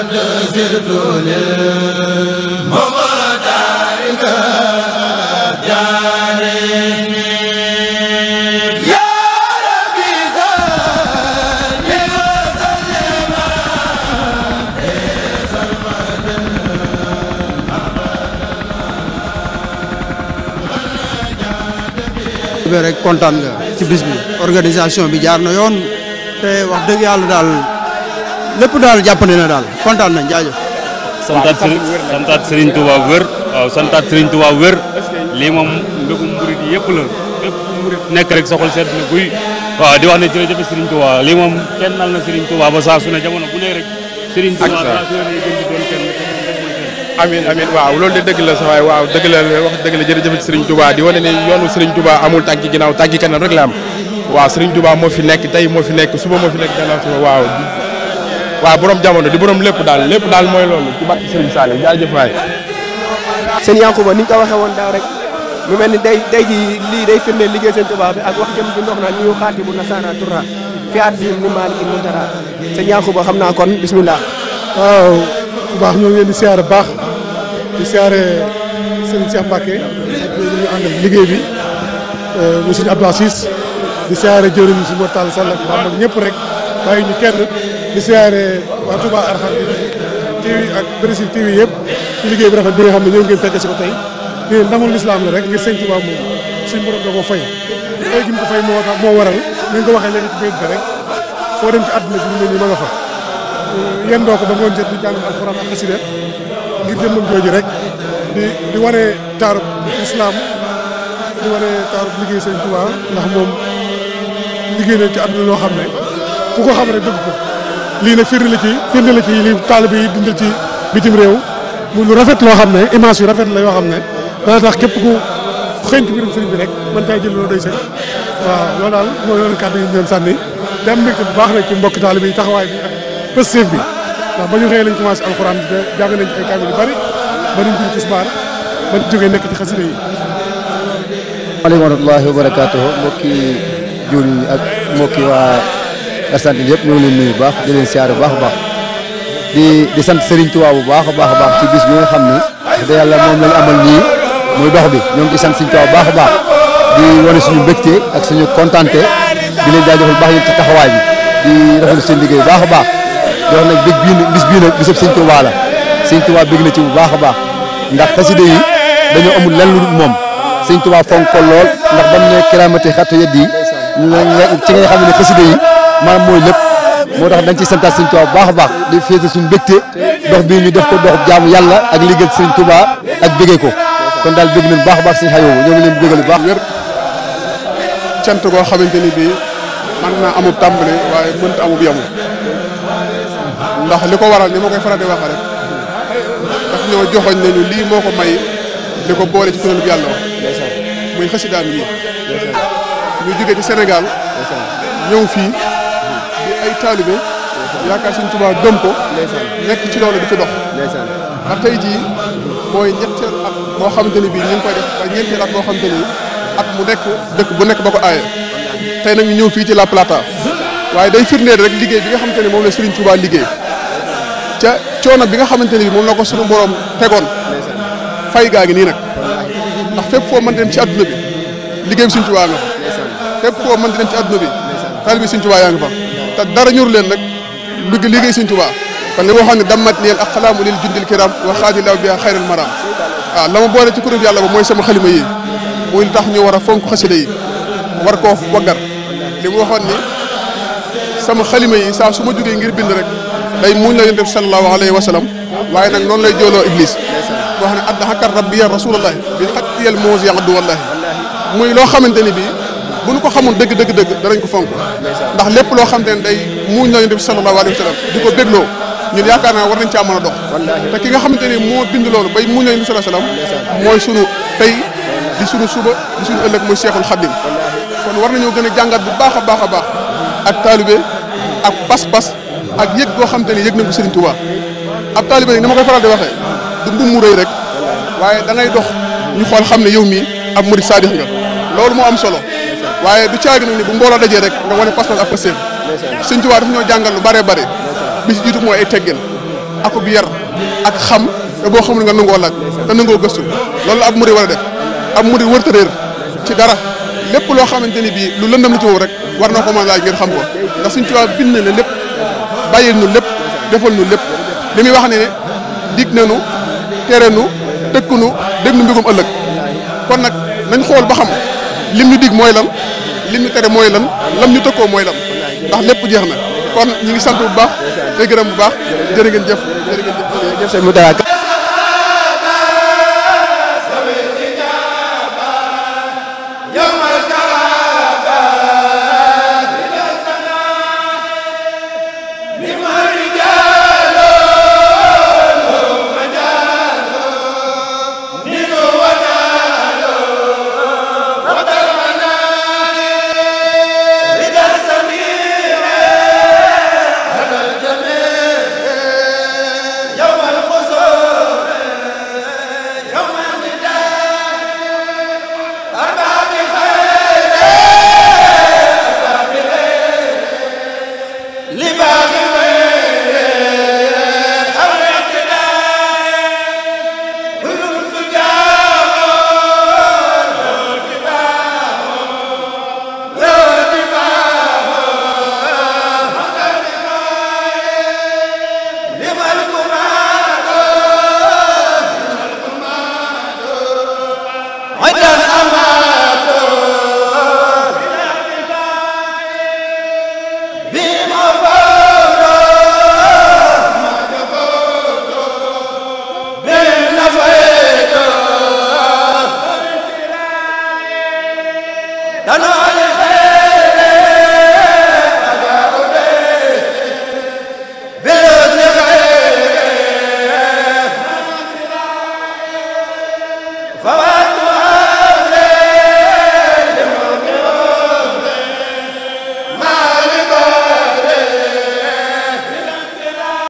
قد سرت للمقدارك جاري rek kontaan nga ci bis bi organisation bi jaar na yoon te wax dëgg yàlla daal lépp daal jàppandi na daal kontaan nañ njaajo santaat Serigne santaat Serigne Touba wër waaw santaat Serigne Touba wër lii moom mbégum murid yëpp la nekk rek soxal seet na guy waaw di wax ne jërëjëf Serigne Touba lii moom kenn nal na Serigne Touba ba saa su ne jamono bu ne rek. Serigne Touba amin waaw loolu de dëgg la sa waay waaw dëgg la wax dëgg la jërëjëf Serigne Touba di wane ne yoonu Serigne Touba amul tànki ginnaaw tànki kanam rek la am waaw Serigne Touba moo fi nekk tey moo fi nekk suba moo fi nekk waaw waaw borom jamono di borom lépp daal lépp daal mooy loolu ci barke Serigne Saliou jaajëf waay. seen ni ñu ko waxee woon daaw rek mu mel ni day day ji lii day firndeel liggéey seen tubaab bi ak wax jëm bi ndox na ñu xaati bu nasara turra fi addihim ni maaliki mun dara seen Yankuba xam naa kon bismillah waaw baax ñoo ngi leen di siyaare baax di siyaare sëñ Cheikh Mbacke liggéey bi euh, mu sëñ Abdou Assis di siyaare jëriñ si Mor Tall Sall ak ñëpp rek bàyyi ñu kenn di siyaare waa Touba Argentine TV ak Brésil TV yëpp ci liggéey bi rafet bi nga xam ne ñoo ngi fekk si ko tey lii ndamul lislaam rek ngir sëñ Touba moom suñu borom da ko fay fay gi moo tax ni ko waxee léegi ci bayit bi rek foo dem ci àdduna bi mu ne ma nga fa yen doo ko ba di jàng alxuraan ak rek di di wane di wane taarub liggéey sëñ Touba ndax moom liggéey na ci àdduna loo xam ne ku ko xam rek bëgg ko lii nag firnde la ci firnde la ci lii taalibe yi dundal ci bitim réew mu lu rafet loo xam ne image yu rafet la yoo xam ne dana tax képp ku xëy ci mbirum sëriñ bi rek mën tay jël loo doy sëñ waaw loolu daal mooy yoonu kàddu yi ñu doon sànni dem mbégte bu baax rek ci mbokk taalibe yi taxawaay bi ak pësteef bi ndax ba ñu xëyee lañ commencé alxuraan bi jàng nañ ci ay kaamil yu bari ba ñu jur ci subaar ba ñu jógee nekk ci xasida yi. maaleykum wa rahmatullaahi wa barakaatuh mbokki jur yi ak mbokki waa. arsantin yëpp ñoo ngi leen nuyu bu baax di leen siyaar bu baax a baax di sant Serigne Touba bu baax a baax a baax ci bis bi nga xam ne wax dëgg yàlla moom lañ amal nii muy dox bi ñoo ngi ci sant Serigne Touba bu baax a baax di wane suñu mbégte ak suñu kontaante di leen jaajëfal baax yéen ci taxawaay bi di rafetlu seen liggéey bu baax a baax di wax nag bi bii bis bii nag bisab Serigne Touba la Serigne tubaa bég la ci bu baax a baax ndax xaside yi dañoo amul lenn lu moom Serigne Touba fonk lool ndax ba mu ne kiraamati xattu yeddi yi ci nga xam ne xaside yi maanaam mooy lépp moo tax dañ ci santaat sëñ Tuubaa bu baax a baax di féete suñu mbégte dox bii ñu def ko dox jaamu yàlla ak liggéey sëñ Tuubaa ak bégee ko kon daal bégg nañ baax a baax sëñ Xayo ñoo ngi leen bégal bu baax wér cant xamante ni bii mën naa amub tàmbali waaye mënta amub ndax li ko waral ni ma koy faral di wax rek daf ñoo joxoñ nañu lii moo ko may di ko boole ci kuréel bi yàlla muy xasidaam yi ñu ci Sénégal ñëw fii ay taalibe yaakaar Sëñ Tuubaa gëm ko nekk ci loolu bi ci dox ndax tey jii mooy ñetteel at moo xamante ni bii ñu ngi koy def ak ñeenteel at moo xamante ni at mu nekk dëkk bu nekk ba ko aaye tey nag ñu ñëw fii ci La Plata waaye day firndeel rek liggéey bi nga xamante ni moom la Sëriñ Tuubaa liggéey ca coono bi nga xamante ni moom la ko suñu borom tegoon fay gaa ngi nii nag ndax fépp foo mën dem ci àdduna bi liggéey bi Sëriñ Tuubaa nga fa foo mën dem ci àdduna bi taalibe Sëriñ Tuubaa yaa nga te dara ñur leen rek lu liggéey Sëñ Tuubaa kon li waxoon ne dammat leen ak xalaamu lil jundil kiram wa xaadilaaw bi xayril maraam waaw la ma boole ci kuréel yàlla ba mooy sama xalima yi muy tax ñu war a fonk xasida yi war koo waggar li mu waxoon ni sama xalima yi saa su ma jógee ngir bind rek day mu la yonent bi sallallahu alayhi wa sallam waaye nag noonu lay jooloo iblis wax ne addaxakar rabbiya rasulallahi bi xattiyal moos yaqdu wallahi muy loo xamante ni bii bu ñu ko xamul dëgg dëgg dëgg danañ ko fonk ndax lépp loo xam te ne day muuñ la ñu def sallallahu di ko bégloo ñun yaakaar naa war nañ caa mën a dox te ki nga xamante ni moo bind loolu bay muuñ la ñu def sallallahu mooy sunu tey di sunu suba di sunu ëllëg mooy Cheikhul Khadim kon war nañoo gën a jàngat bu baax a baax a baax ak taalibe ak pas-pas ak yëg goo xam ne yëg nañ si Serigne Touba ab taalibe nag na ma koy faral di waxee du ndum mu rëy rek waaye da ngay dox ñu xool xam ne yow mii ab murid saadix loolu moo am solo waaye du caagi nag ni bu mbooloo dajee rek nga wane pas-pas ak passeef Sëñ Tuubaa dafa ñoo jàngal lu bare bare bi ci jiitu mooy ay teggin akub yar ak xam te boo xamul nga nangoo laaj te nangoo gëstu loolu ab murid war a def ab murid wërta réer ci dara lépp loo xamante ni bii lu lëndam la ci moom rek war na ko mën laaj ngir xam ko ndax Sëñ Tuubaa bind na lépp bàyyil nu lépp defal nu lépp li muy wax ne ne dig na nu tere nu tëkk nu dégg nu mbégum ëllëg kon nag nañ xool ba xam lim ñu dig mooy lan lim ñu tere mooy lan lam ñu tëkkoo mooy lan ndax lépp jeex na kon ñu ngi sant bu baax te gërëm bu baax jërë ngeen jëf jërë ngeen jëf